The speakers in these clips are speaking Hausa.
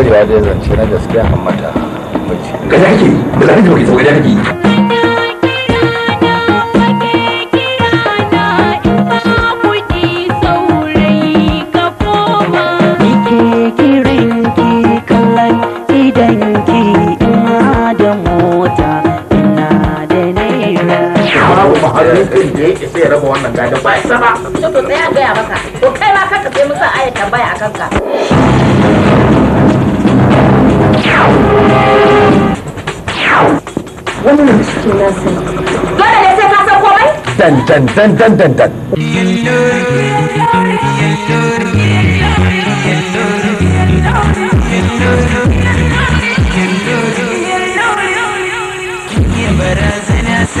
ya dai zance na gaskiya Ga mace gaza kake gaza kake sauka da kake babu mahalukin da yake sai raba wannan dole ne sai ka san komai dan dan dan dan dan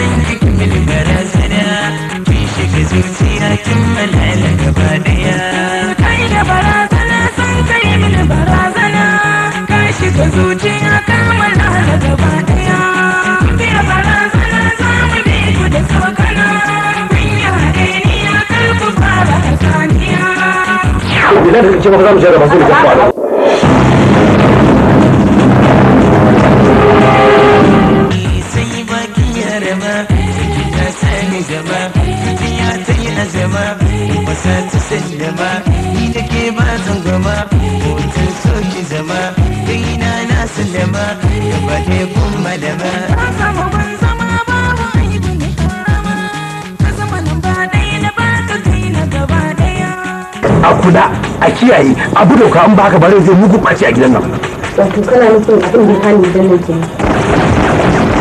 san ki mil barazana kin shiga zuciya kin malala gaba da barazana san kai mil barazana ka shiga zuciya ka malala barazana za mu ku da tsokana kun yi haɗe yi zama duniya ta yi zama, ba sa ta sallama ni da ke ba zan zangama hoton soki zama kai na na sallama gaba ɗaya kun malama a kula a kiyaye abu doka an baka bare zai mugu ɓaci a gidan nan wato kana nufin abin da hali da nake